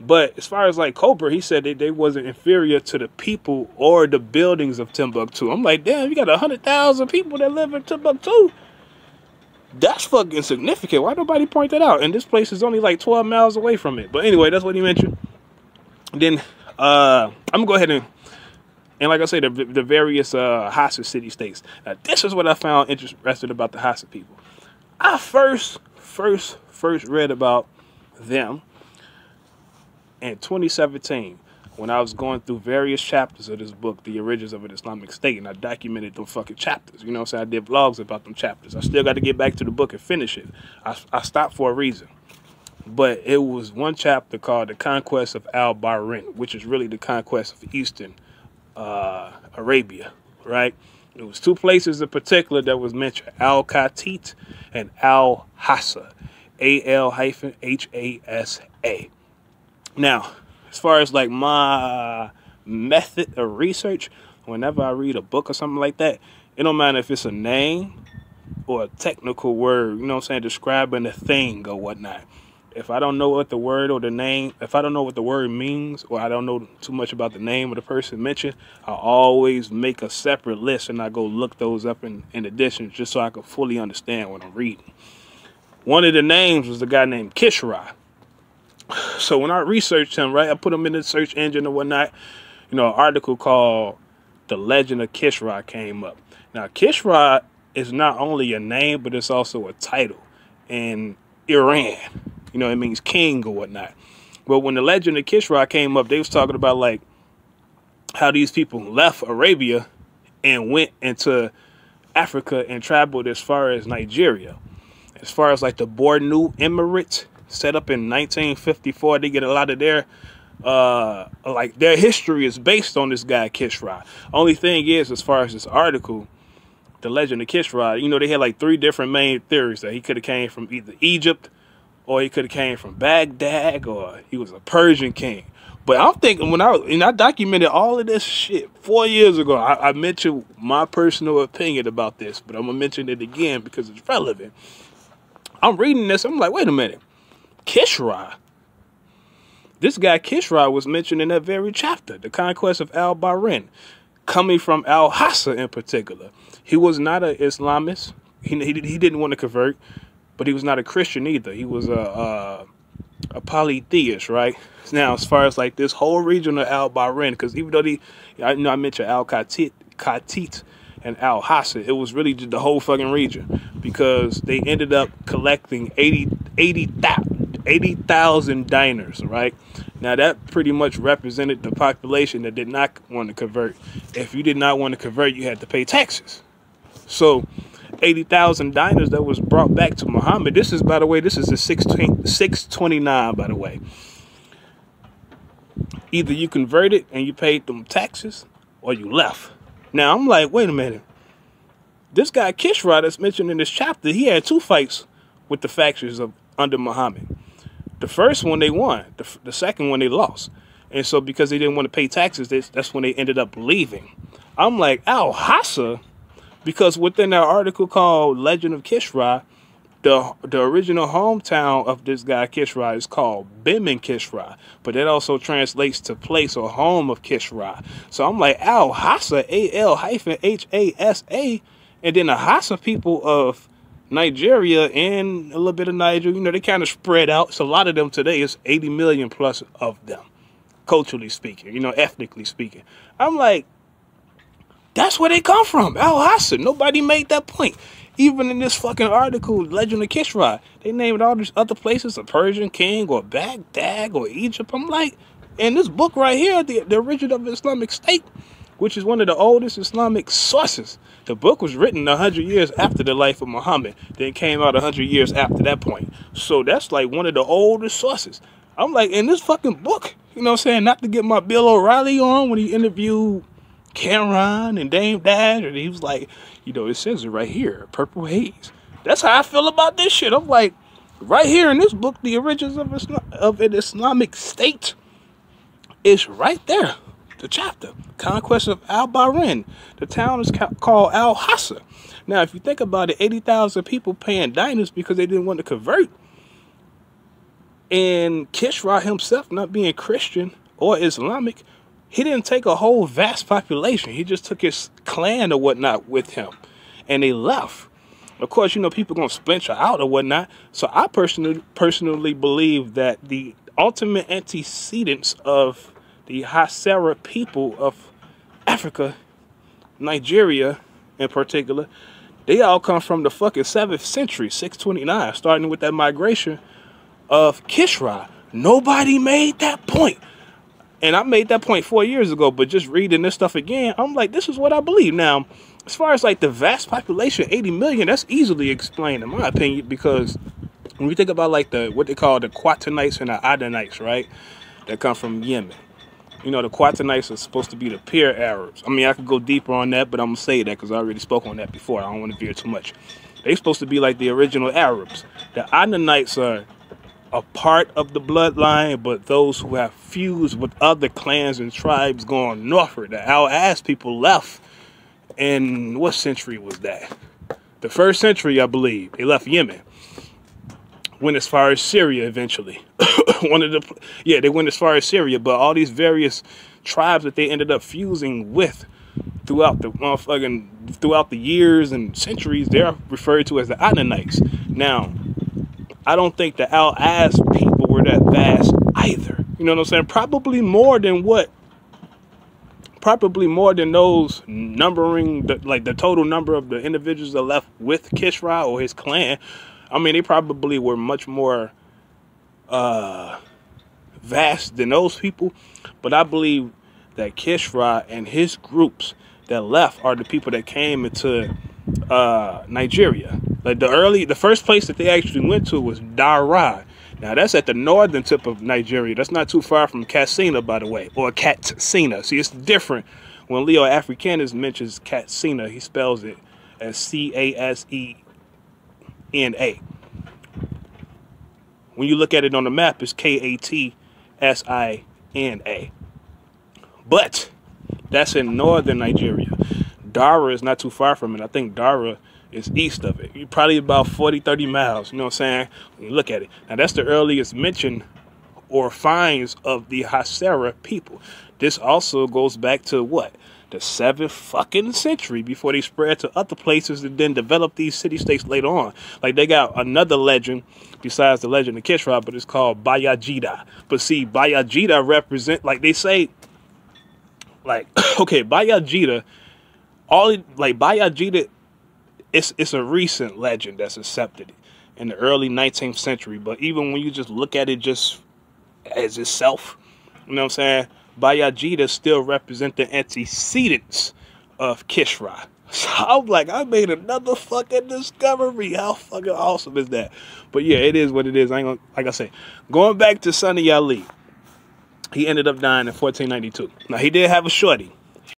But as far as like Cobra, he said that they wasn't inferior to the people or the buildings of Timbuktu. I'm like, damn, you got a hundred thousand people that live in Timbuktu. That's fucking significant. Why nobody point that out? And this place is only like 12 miles away from it. But anyway, that's what he mentioned. Then uh, I'm gonna go ahead and and like I say, the, the various uh, Hassa city states. Now, this is what I found interesting about the Hassa people. I first, first, first read about them in 2017 when I was going through various chapters of this book, The Origins of an Islamic State, and I documented them fucking chapters. You know what I'm saying? I did vlogs about them chapters. I still got to get back to the book and finish it. I, I stopped for a reason. But it was one chapter called The Conquest of Al Bahrain, which is really the conquest of Eastern uh, Arabia, right? It was two places in particular that was mentioned, Al-Khatit and Al-Hassa, A-L hyphen H-A-S-A. Now, as far as like my method of research, whenever I read a book or something like that, it don't matter if it's a name or a technical word, you know what I'm saying, describing a thing or whatnot. If I don't know what the word or the name, if I don't know what the word means, or I don't know too much about the name of the person mentioned, I always make a separate list and I go look those up in, in addition just so I can fully understand what I'm reading. One of the names was the guy named Kishra. So when I researched him, right, I put him in the search engine and whatnot. You know, an article called "The Legend of Kishra" came up. Now, Kishra is not only a name, but it's also a title in Iran. You know, it means king or whatnot. But when the legend of Kishra came up, they was talking about like how these people left Arabia and went into Africa and traveled as far as Nigeria, as far as like the Bornu Emirate set up in 1954. They get a lot of their uh like their history is based on this guy Kishra. Only thing is as far as this article, the legend of Kishra, you know, they had like three different main theories that he could have came from either Egypt or he could have came from Baghdad or he was a Persian king. But I'm thinking when I and I documented all of this shit four years ago, I, I mentioned my personal opinion about this, but I'm gonna mention it again because it's relevant. I'm reading this, I'm like, wait a minute Kishra. This guy Kishra was mentioned in that very chapter, the conquest of Al Bahrain, coming from Al Hassa in particular. He was not an Islamist. He, he, he, didn't want to convert, but he was not a Christian either. He was a, a, a polytheist, right? Now, as far as like this whole region of Al Bahrain, because even though he, I you know I mentioned Al Khatit, Khatit and Al Hassa, it was really the whole fucking region because they ended up collecting 80, 80, 80,000 diners, right? Now that pretty much represented the population that did not want to convert. If you did not want to convert, you had to pay taxes. So 80,000 diners that was brought back to Muhammad. This is, by the way, this is a 16, 629, by the way. Either you converted and you paid them taxes or you left. Now I'm like, wait a minute. This guy Kishra that's mentioned in this chapter, he had two fights with the factions of under Muhammad. The first one they won. The, the second one they lost. And so because they didn't want to pay taxes, they, that's when they ended up leaving. I'm like, Al Hassa, because within that article called Legend of Kishra, the the original hometown of this guy Kishra is called Bimin Kishra, but that also translates to place or home of Kishra. So I'm like Al Hassa, A L hyphen H A S A, and then the Hassa people of Nigeria and a little bit of Niger. You know, they kind of spread out. So a lot of them today is 80 million plus of them, culturally speaking, you know, ethnically speaking. I'm like, that's where they come from. Al Hassan. Nobody made that point. Even in this fucking article, Legend of Kishra, they named all these other places a Persian king or Baghdad or Egypt. I'm like, in this book right here, the, the origin of Islamic State, which is one of the oldest Islamic sources. The book was written 100 years after the life of Muhammad, then came out 100 years after that point. So that's like one of the oldest sources. I'm like, in this fucking book, you know what I'm saying? Not to get my Bill O'Reilly on when he interviewed Cameron and Dame Dash, and he was like, you know, it says it right here, Purple Haze. That's how I feel about this shit. I'm like, right here in this book, the origins of, Islam of an Islamic state is right there the chapter, conquest of Al Bahrain. The town is ca called Al Hassa. Now, if you think about it, 80,000 people paying indictments because they didn't want to convert. And Kishra himself, not being Christian or Islamic, he didn't take a whole vast population. He just took his clan or whatnot with him. And they left. Of course, you know, people going to splinter out or whatnot. So I personally, personally believe that the ultimate antecedents of the Hasera people of Africa, Nigeria in particular, they all come from the fucking 7th century, 629, starting with that migration of Kishra. Nobody made that point. And I made that point four years ago, but just reading this stuff again, I'm like, this is what I believe. Now, as far as like the vast population, 80 million, that's easily explained in my opinion, because when we think about like the what they call the Quatanites and the Adonites, right? That come from Yemen. You know, the Quatanites are supposed to be the pure Arabs. I mean, I could go deeper on that, but I'm going to say that because I already spoke on that before. I don't want to veer too much. They're supposed to be like the original Arabs. The Adonites are a part of the bloodline, but those who have fused with other clans and tribes going northward. The Al-As people left in what century was that? The first century, I believe. They left Yemen went as far as Syria eventually. One of the yeah, they went as far as Syria, but all these various tribes that they ended up fusing with throughout the motherfucking throughout the years and centuries, they're referred to as the Adonites. Now, I don't think the Al As people were that vast either. You know what I'm saying? Probably more than what probably more than those numbering the, like the total number of the individuals that left with Kishra or his clan I mean, they probably were much more uh, vast than those people, but I believe that Kishra and his groups that left are the people that came into uh, Nigeria. Like the early, the first place that they actually went to was Dara. Now that's at the northern tip of Nigeria. That's not too far from Katsina, by the way, or Katsina. See, it's different. When Leo Africanus mentions Katsina, he spells it as C A S E N-A. When you look at it on the map, it's K-A-T-S-I-N-A. But that's in northern Nigeria. Dara is not too far from it. I think Dara is east of it. You're probably about 40, 30 miles, you know what I'm saying? When you look at it. Now, that's the earliest mention or finds of the Hasera people. This also goes back to what? the seventh fucking century before they spread to other places and then developed these city states later on. Like they got another legend besides the legend of Kishra, but it's called Bayajida. But see, Bayajida represent like they say, like okay, Bayajida, all like Bayajida, it's it's a recent legend that's accepted in the early 19th century. But even when you just look at it just as itself, you know what I'm saying? Bayajida still represent the antecedents of Kishra. So I'm like, I made another fucking discovery. How fucking awesome is that? But yeah, it is what it is. I ain't gonna, like I say, going back to Sonny Ali, he ended up dying in 1492. Now he did have a shorty.